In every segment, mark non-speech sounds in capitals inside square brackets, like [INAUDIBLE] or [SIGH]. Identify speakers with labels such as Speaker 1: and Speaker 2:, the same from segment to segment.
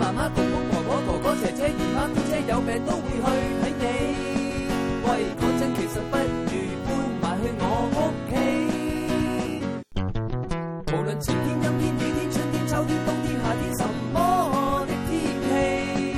Speaker 1: 媽媽、公公、婆婆、哥哥、哥、姐姐、姨媽、媽、姑姐有病都會去睇你，
Speaker 2: 喂，講真，其實不如搬埋去我屋企。無論晴天、陰天、雨天、春天、秋天、冬天、夏天，什麼的天氣，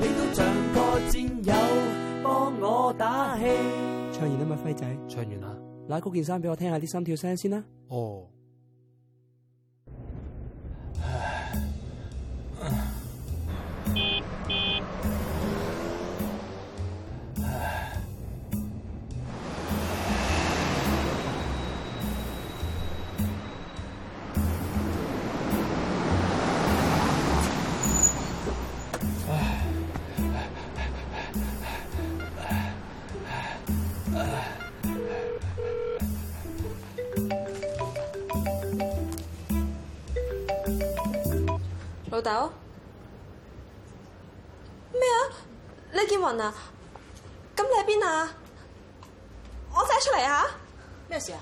Speaker 2: 你都像個戰友幫我
Speaker 3: 打氣。
Speaker 1: 唱完啦嘛，輝仔，唱完啦，拉高件衫俾我聽下，啲心跳聲先啦。哦。
Speaker 3: Oh.
Speaker 2: 走咩啊？李建雲啊，咁你喺邊啊？我即刻出嚟！啊，咩事啊？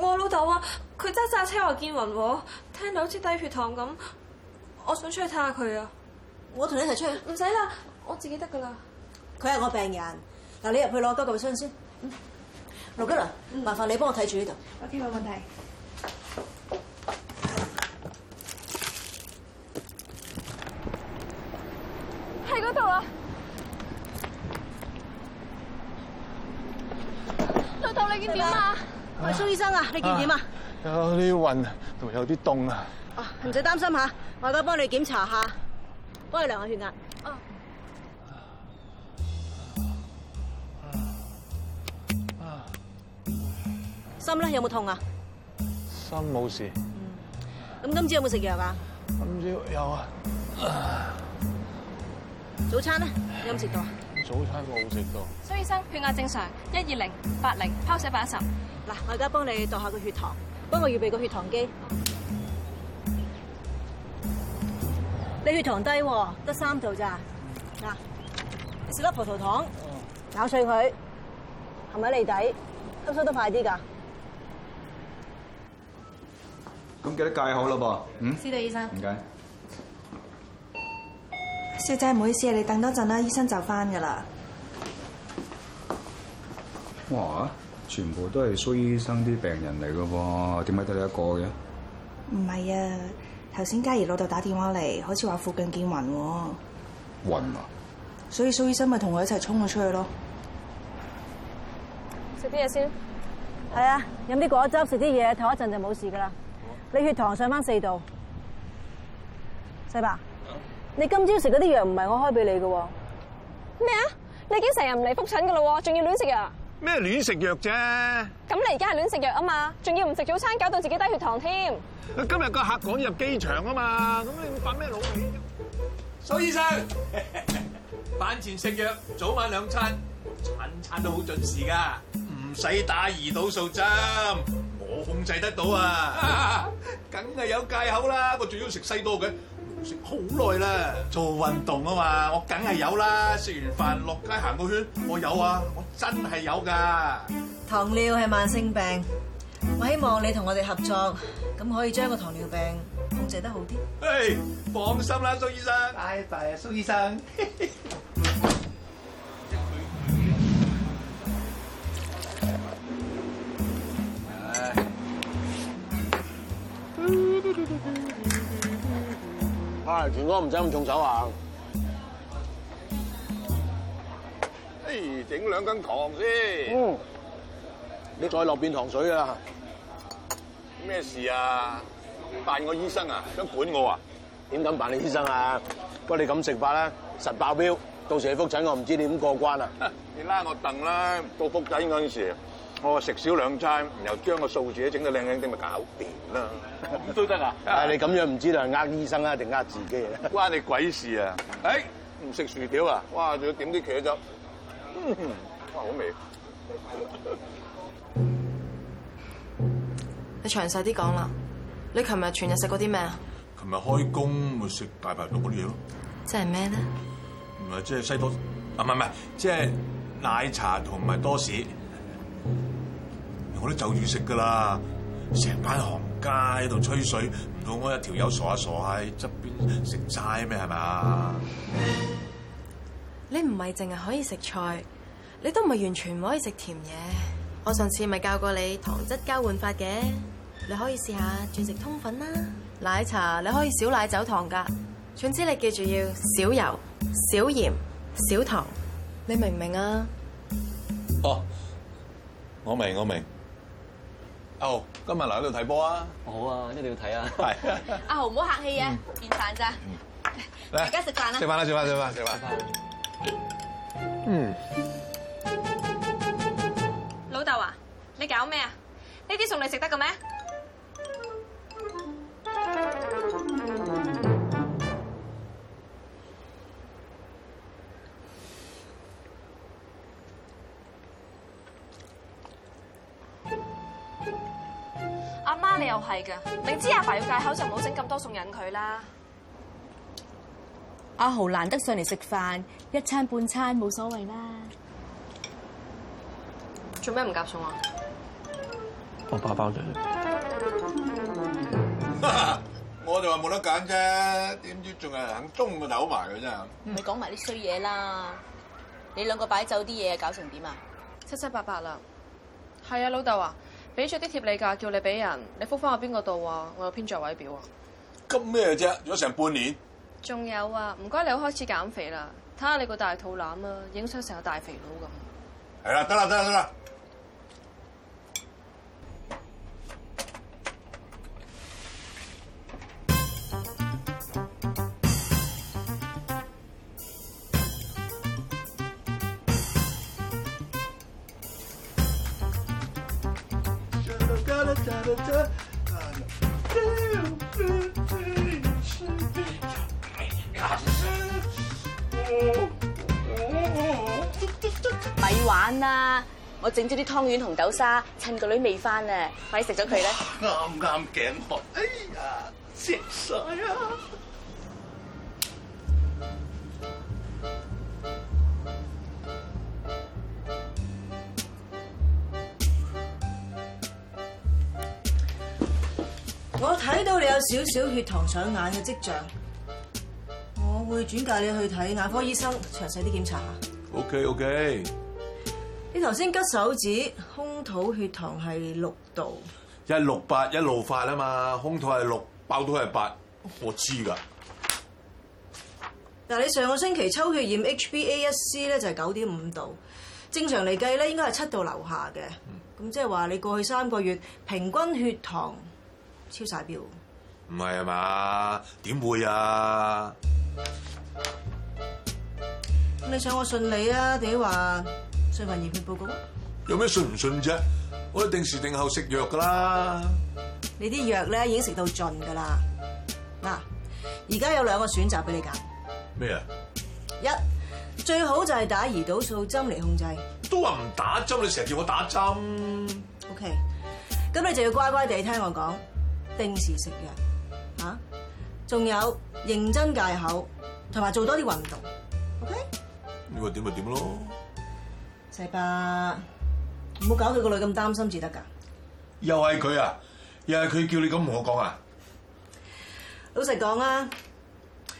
Speaker 2: 我老豆啊，佢揸揸車話，建雲，聽到好似低血糖咁，我想出去睇下佢啊！我同你一齊出去。唔使啦，我自己得噶啦。佢係我病人，嗱，你入去攞多個急救箱先。嗯。羅嘉哥、嗯，麻煩你幫我睇住呢度。O K，冇問題。蘇醫生啊，你見點啊？
Speaker 1: 有啲暈同埋有啲凍啊！
Speaker 2: 唔使擔心吓，啊，我而家幫你檢查下，幫你量下血壓。心咧有冇痛啊？
Speaker 1: 心冇事。
Speaker 2: 咁今朝有冇食藥啊？今朝有啊。早餐咧，有冇食到啊？早餐冇食到。吃蘇醫生，血壓正常，一二零八零，拋血八十。嗱，我而家幫你度下個血糖，幫我預備個血糖機。好你血糖低喎，得三度咋。嗱，食粒葡萄糖，好咬碎佢，係咪脷底吸收得快啲㗎？
Speaker 3: 咁記得戒口啦噃。的嗯。是的，醫生。唔該。
Speaker 2: 小姐，唔好意思啊，你等多陣啦，醫生就翻噶啦。
Speaker 3: 哇，全部都係蘇醫生啲病人嚟噶喎，點解得你一個嘅？
Speaker 2: 唔係啊，頭先嘉儀老豆打電話嚟，好似話附近見暈。暈啊！所以蘇醫生咪同我一齊衝咗出去咯。食啲嘢先，係啊，飲啲果汁，食啲嘢，唞一陣就冇事噶啦。你血糖上翻四度，細伯。你今朝食嗰啲藥唔係我開俾你嘅喎？咩啊？你已經成日唔嚟複診喇喎，仲要亂食藥？咩亂食藥啫？咁你而家係亂食藥啊嘛？仲要唔食早餐，搞到自己低血糖添。
Speaker 1: 今日個客趕入機場啊嘛，咁
Speaker 2: 你會發咩腦？
Speaker 1: 蘇醫生，飯前食藥，早晚兩餐，餐餐都好準時噶，唔使打胰島素針，我控制得到啊，梗係有戒口啦，我仲要食西多嘅。食好耐啦，做運動啊嘛，我梗係有啦。食完飯落街行個圈，我有啊，我真係有㗎。
Speaker 2: 糖尿病係慢性病，我希望你同我哋合作，咁可以將個糖尿病控制得好啲。嘿，hey，放心啦，蘇醫生。拜拜啊，蘇醫生。 [LAUGHS] [LAUGHS]
Speaker 1: 阿全哥唔使咁重手啊！嘿，整兩斤糖先。嗯。你再落變糖水啊！咩事啊？扮我醫生啊？想管我啊？點敢扮你醫生啊？不過你咁食法咧，實爆標，到時你複診我唔知你點過關啊！你拉我凳啦，到複診嗰陣時。我食少兩餐，然後將個數字整到靚靚啲，咪搞掂啦。都得啊！但係你咁樣唔知係呃醫生啊定呃自己啊？關你鬼事啊！誒，唔食薯條啊？哇！仲要點啲茄汁，
Speaker 2: 哇！好味。你詳細啲講啦。你琴日全日食過啲咩啊？
Speaker 1: 琴日開工咪食大排檔嗰啲嘢咯。
Speaker 2: 即係咩咧？
Speaker 1: 唔係即係西多，唔係唔係，即係奶茶同埋多士。我都就住食噶啦，成班行街喺度吹水，唔到我一條友傻下傻下喺側邊食齋咩？係咪啊？
Speaker 2: 你唔係淨係可以食菜，你都唔係完全唔可以食甜嘢。我上次咪教過你糖質交換法嘅，你可以試下轉食通粉啦，奶茶你可以少奶走糖噶，總之你記住要少油、少鹽、少糖，你明唔明啊？
Speaker 1: 哦。我明我明，阿豪，今日留喺度睇波啊！好啊，一定要睇啊,是啊！
Speaker 2: 係，阿豪唔好客氣啊，食飯咋？嚟，而家食飯啦！
Speaker 1: 食飯啦！食飯
Speaker 2: 食飯食飯。嗯，老豆啊，你搞咩啊？呢啲餸你食得嘅咩？係噶，明知阿爸,爸要戒口就唔好整咁多餸引佢啦。阿、啊、豪難得上嚟食飯，一餐半餐冇所謂啦。做咩唔夾餸啊？
Speaker 3: 我包包嘅。
Speaker 1: 我哋話冇得揀啫，點知仲係喺中午嘅頭埋佢真
Speaker 2: 係。唔好講埋啲衰嘢啦。你兩個擺酒啲嘢搞成點啊？七七八八啦。係啊，老豆啊。俾咗啲貼你㗎，叫你俾人，你覆翻我邊個度啊？我有編座位表啊。
Speaker 1: 急咩啫？咗成半年。
Speaker 2: 仲有啊，唔該你好開始減肥啦，睇下你個大肚腩啊，影相成個大肥佬咁。
Speaker 1: 係啦，得啦，得啦，得啦。
Speaker 3: 咪玩啦！
Speaker 2: 我整咗啲湯圓紅豆沙，趁個女未返啊，快食咗佢咧！啱
Speaker 1: 啱頸渴，
Speaker 2: 哎呀，食水啊！你有少少血糖上眼嘅跡象，我會轉介你去睇眼科醫生詳細啲檢查下。OK OK。你頭先拮手指空肚血糖係六度
Speaker 1: ，8, 一六八一路發啊嘛，空肚係六，爆肚係八，我知噶。
Speaker 2: 嗱，你上個星期抽血驗 HbA1c 咧就係九點五度，正常嚟計咧應該係七度樓下嘅，咁即係話你過去三個月平均血糖超晒標。
Speaker 1: 唔係啊嘛？點會啊？
Speaker 2: 你想我信你啊？定話信份驗血報告？
Speaker 1: 有咩信唔信啫？我哋定時定候食藥噶啦。
Speaker 2: 你啲藥咧已經食到盡噶啦。嗱，而家有兩個選擇俾你揀。咩啊？一最好就係打胰島素針嚟控制。都話唔
Speaker 1: 打針，你成日叫我打針。
Speaker 2: OK，咁你就要乖乖地聽我講，定時食藥。吓，仲有認真戒口，同埋做多啲運動，OK？
Speaker 1: 呢個點咪點咯，
Speaker 2: 細伯，唔好搞到個女咁擔心至得噶。
Speaker 1: 又係佢啊，又係佢叫你咁同我講啊。
Speaker 2: 老實講啦，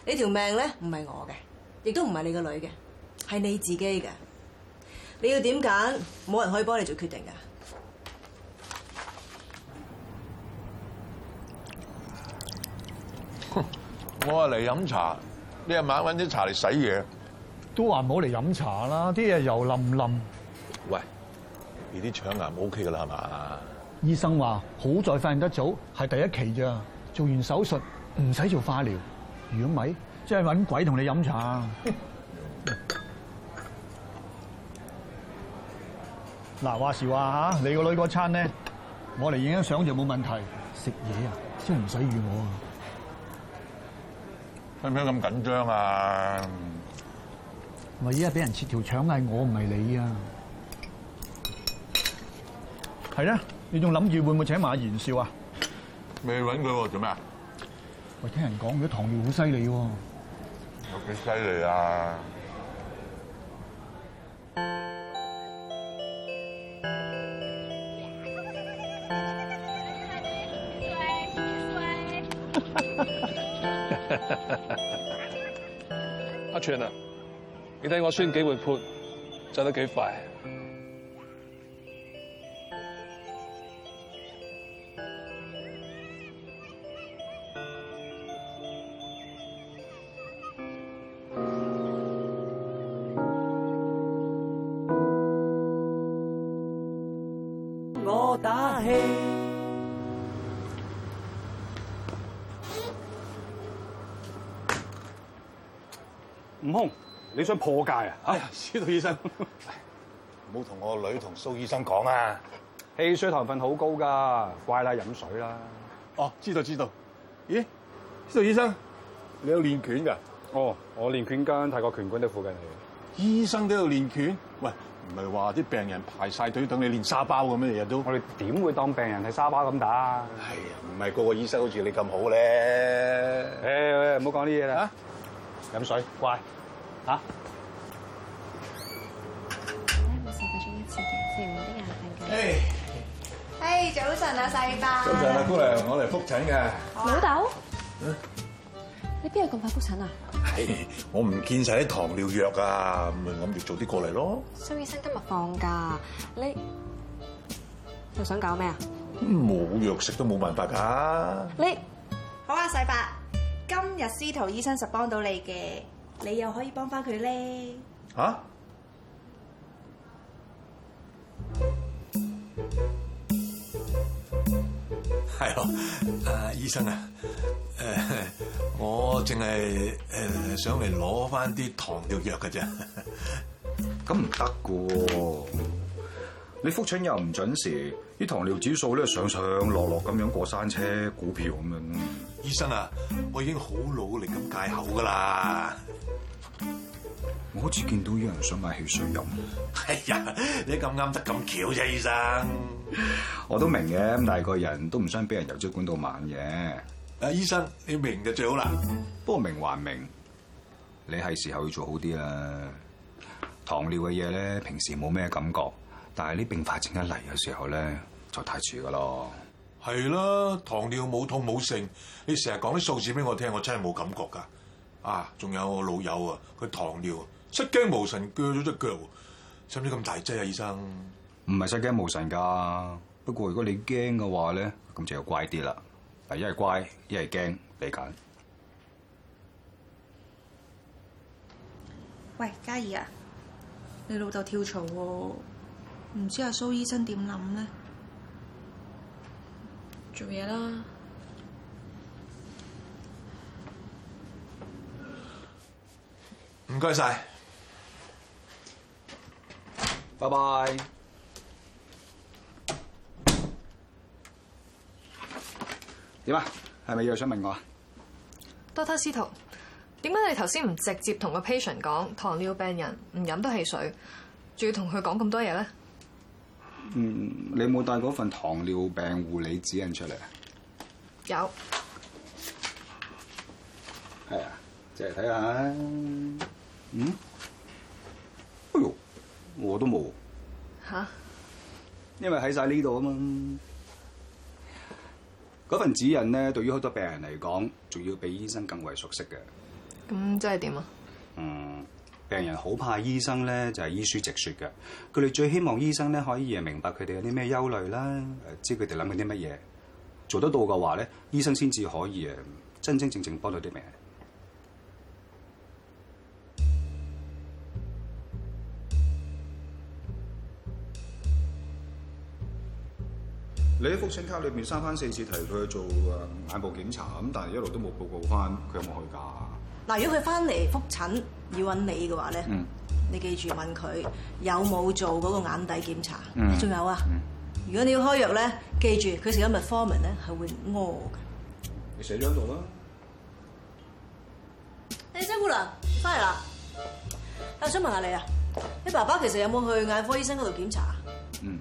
Speaker 2: 你條命咧唔係我嘅，亦都唔係你個女嘅，係你自己嘅。你要點揀？冇人可以幫你做決定噶。
Speaker 1: 我啊嚟飲茶，你夜晚搵啲茶嚟洗嘢，
Speaker 3: 都話唔好嚟飲茶啦，啲嘢又腍腍。
Speaker 1: 喂，你啲腸癌 O K 噶啦係嘛？
Speaker 3: 醫生話好在發現得早，係第一期咋。做完手術唔使做化療。如果唔係，即係搵鬼同你飲茶。嗱、嗯，話時話吓，你個女個餐咧，我嚟影張相就冇問題。食嘢啊，先係唔使預我啊。
Speaker 1: 使唔使咁緊張啊？
Speaker 3: 我依家俾人切條腸，係我唔係你啊！係咧，你仲諗住會唔會請埋阿袁少啊？
Speaker 1: 未揾佢喎，做咩啊？
Speaker 3: 我，聽人講佢唐昊好犀利喎。有
Speaker 1: 幾犀利啊？
Speaker 3: [LAUGHS] 阿全啊，你睇我孫幾活潑，走得幾快
Speaker 2: 啊！我打氣。
Speaker 3: 唔空，你想破戒啊？哎呀，司徒醫生，唔好同我
Speaker 1: 女同蘇醫生講啊！汽水糖分好高噶，乖啦，飲水啦。哦，知道知道。咦，司徒醫生，你喺度練拳㗎？哦，我練拳間泰國拳館都附近嚟。醫生喺度練拳？喂，唔係話啲病
Speaker 3: 人排晒隊等你練沙包咁咩？日日都我哋點會當病人係沙包咁打？係啊、哎，唔係個個醫生麼好似你咁好咧。誒、哎，唔好講啲嘢啦。飲、啊、水，乖。
Speaker 2: 四個鐘一次嘅，自然冇啲眼瞓嘅。哎，早晨啊，世伯！早晨啊，姑娘，
Speaker 1: 我嚟復診嘅。
Speaker 2: 老豆好、啊爸，你邊度咁快復診啊？係，
Speaker 1: 我唔見晒啲糖尿藥啊，咁咪諗住早啲過嚟咯。
Speaker 2: 蘇醫生今日放假，你又想搞咩啊？
Speaker 1: 冇藥食都冇辦法㗎。
Speaker 2: 你好啊，世伯，今日司徒醫生實幫到你嘅。你
Speaker 1: 又可以幫翻佢咧？吓、啊？係咯，阿、啊、醫生啊，誒、呃，我淨係誒想嚟攞翻啲糖尿藥噶啫。咁唔得嘅喎，
Speaker 3: 你復診又唔準時，啲糖尿指數咧上上落落咁樣過山車、股票咁樣、嗯。
Speaker 1: 醫生啊，我已經好努力咁戒口噶啦。
Speaker 3: 我好似見到有人想買汽水飲。
Speaker 1: 哎呀，你咁啱得咁巧啫，醫生。嗯，
Speaker 3: 我都明嘅，咁大個人都唔想俾人由早管到晚嘅。啊，醫生，你明就最好啦。不過明還明，你係時候要做好啲啦。糖尿嘅嘢咧，平時冇咩感覺，但係呢，併發症一嚟嘅時候咧，
Speaker 1: 就太遲噶咯。係啦，糖尿冇痛冇癢。你成日講啲數字俾我聽，我真係冇感覺㗎。啊，仲有我老友啊，佢糖尿。失驚無神鋸咗隻腳，使唔使咁大劑啊？醫生，
Speaker 3: 唔係失驚無神噶不過如果你驚嘅話咧，咁就要乖啲啦。啊，一係乖，一係驚，你揀。
Speaker 2: 喂，嘉儀啊，你老豆跳槽喎，啊，唔知阿蘇醫生點諗咧？做嘢啦。
Speaker 1: 唔該晒。拜拜麼。
Speaker 3: 點啊？係咪又想問我啊
Speaker 2: ？Doctor 司徒，點解你頭先唔直接同個 patient 講糖尿病人唔飲得汽水，仲要同佢講咁多嘢咧？
Speaker 3: 嗯，你冇帶嗰份糖尿病護理指引出嚟啊？有。係啊，借嚟睇下。嗯。我、哦、都冇吓，啊、因為喺晒呢度啊嘛。嗰份指引咧，對於好多病人嚟講，仲要比醫生更為熟悉嘅。
Speaker 2: 咁即係點啊？嗯，
Speaker 3: 病人好怕醫生咧，就係依書直説嘅。佢哋最希望醫生咧，可以誒明白佢哋有啲咩憂慮啦，知佢哋諗緊啲乜嘢。做得到嘅話咧，醫生先至可以誒真真正正幫到啲病人。你喺復診卡裏面三番四次提佢去做誒眼部檢查，咁但係一路都冇報告翻佢有冇去㗎？
Speaker 2: 嗱，如果佢翻嚟復診要揾你嘅話咧，嗯、你記住問佢有冇做嗰個眼底檢查？仲、嗯、有啊。嗯、如果你要開藥咧，記住佢食咗咪科明咧係會屙㗎、hey。你寫咗喺度啦。誒，張姑娘，你翻嚟啦？我想問下你啊，你爸爸其實有冇去眼科醫生嗰度檢查，嗯。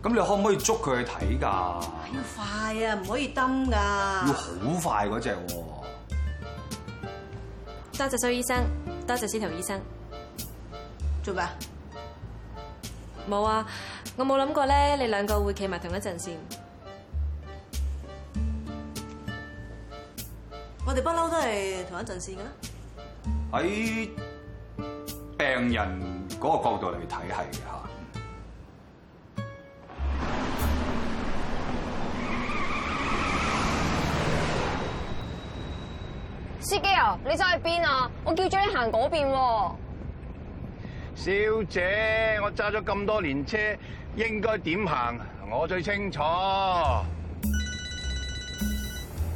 Speaker 3: 咁你可唔可以捉佢去睇㗎？要
Speaker 2: 快啊，唔可以耽㗎。要
Speaker 3: 好快嗰隻喎。
Speaker 2: 多謝蘇醫生，多謝司徒醫生。做咩？冇啊，我冇諗過咧，你兩個會企埋同一陣線。我哋不嬲都係同一陣線㗎啦。
Speaker 3: 喺病人嗰個角度嚟睇係。
Speaker 2: 司機啊，你走去邊啊？我叫咗你行嗰邊。
Speaker 1: 小姐，我揸咗咁多年車，應該點行我最清楚。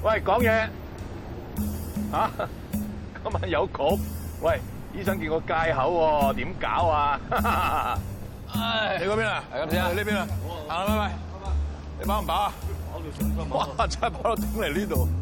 Speaker 1: 喂，講嘢。吓、啊，今晚有局。喂，醫生叫我戒口，點搞啊？去嗰邊啊？係咁先。去呢邊啊？行啦，喂喂，你飽唔飽啊？到，到哇，真係飽到頂嚟，呢度。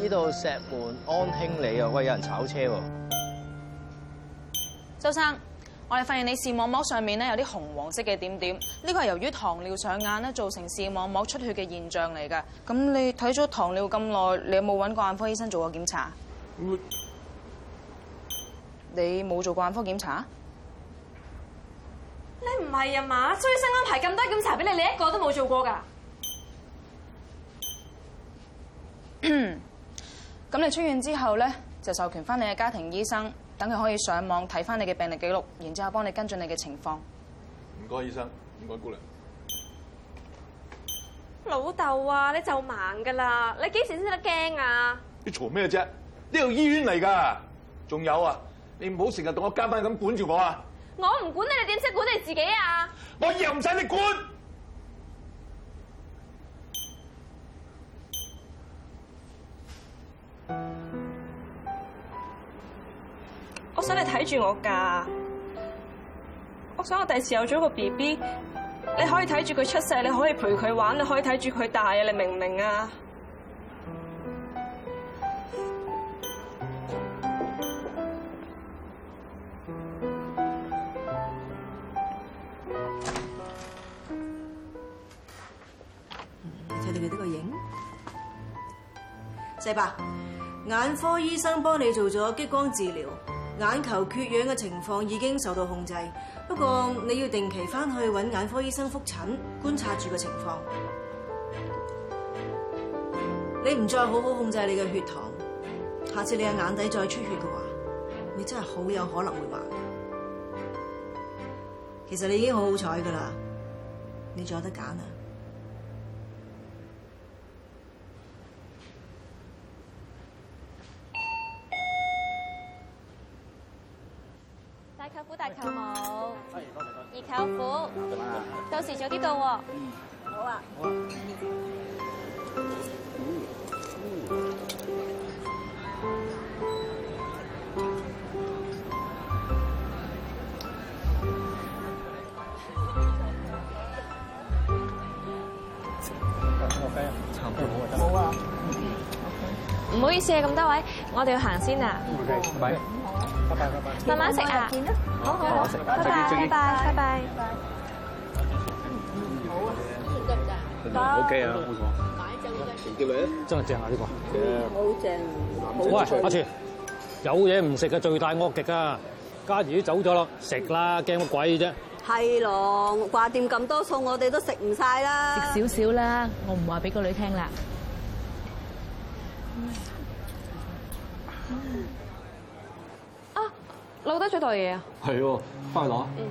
Speaker 2: 呢度石門安興里啊，喂，有人炒車喎。周生，我哋發現你視網膜上面咧有啲紅黃色嘅點點，呢個係由於糖尿上眼咧造成視網膜出血嘅現象嚟㗎。咁你睇咗糖尿咁耐，你有冇揾過眼科醫生做過檢查？冇。你冇做過眼科檢查？你唔係啊嘛？蘇醫生安排咁多檢查俾你，你一個都冇做過㗎？咁你出院之後咧，就授權翻你嘅家庭醫生，等佢可以上網睇翻你嘅病歷記錄，然之後幫你跟進你嘅情況。
Speaker 1: 唔該，醫生，唔該，姑娘。
Speaker 2: 老豆啊，你就盲噶啦！你幾時先得驚啊？
Speaker 1: 你嘈咩啫？呢度醫院嚟㗎，仲有啊，你唔好成日同我阿媽咁管住我啊！
Speaker 2: 我唔管你，你點識管你自己啊？我又唔使你管！我想你睇住我㗎，我想我第時有咗個 B B，你可以睇住佢出世，你可以陪佢玩，你可以睇住佢大啊！你明唔明啊？睇到佢呢個影？世伯，眼科醫生幫你做咗激光治療。眼球缺氧嘅情況已經受到控制，不過你要定期翻去揾眼科醫生複診，觀察住個情況。你唔再好好控制你嘅血糖，下次你嘅眼底再出血嘅話，你真係好有可能會盲。其實你已經好好彩㗎喇，你仲有得揀啊！冇啊，唔好意思啊，咁多位，我哋要行先啦。拜拜，
Speaker 3: 慢慢食啊，好好食，拜
Speaker 2: 拜，拜拜，拜拜。好
Speaker 3: 啊，真係正啊呢個，好
Speaker 2: 正。喂，阿全，
Speaker 3: 有嘢唔食嘅罪大惡極啊！嘉儀走咗咯，食啦，驚乜鬼啫？
Speaker 2: 係咯，掛、啊、店咁多餸，我哋都食唔晒啦，食少少啦，我唔話俾個女聽啦，
Speaker 3: 嗯。
Speaker 2: 啊，留低咗袋嘢啊！
Speaker 3: 係，快去攞。嗯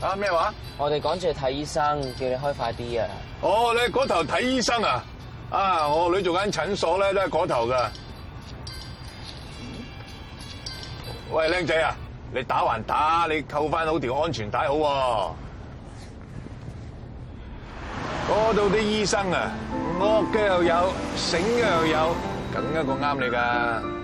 Speaker 2: 啊，咩話？我哋趕住去睇醫生，叫你開快啲啊！哦，你嗰頭睇
Speaker 1: 醫生啊？啊，我女做緊診所咧，都係嗰頭噶。喂，靚仔啊，你打橫打，你扣翻好條安全帶好。嗰度啲醫生啊，惡嘅又有，醒嘅又有，咁一個啱你噶。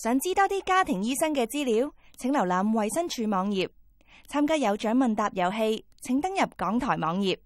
Speaker 2: 想知道啲家庭醫生嘅資料，請瀏覽衛生署網頁。參加有獎問答遊戲，請登入港台網頁。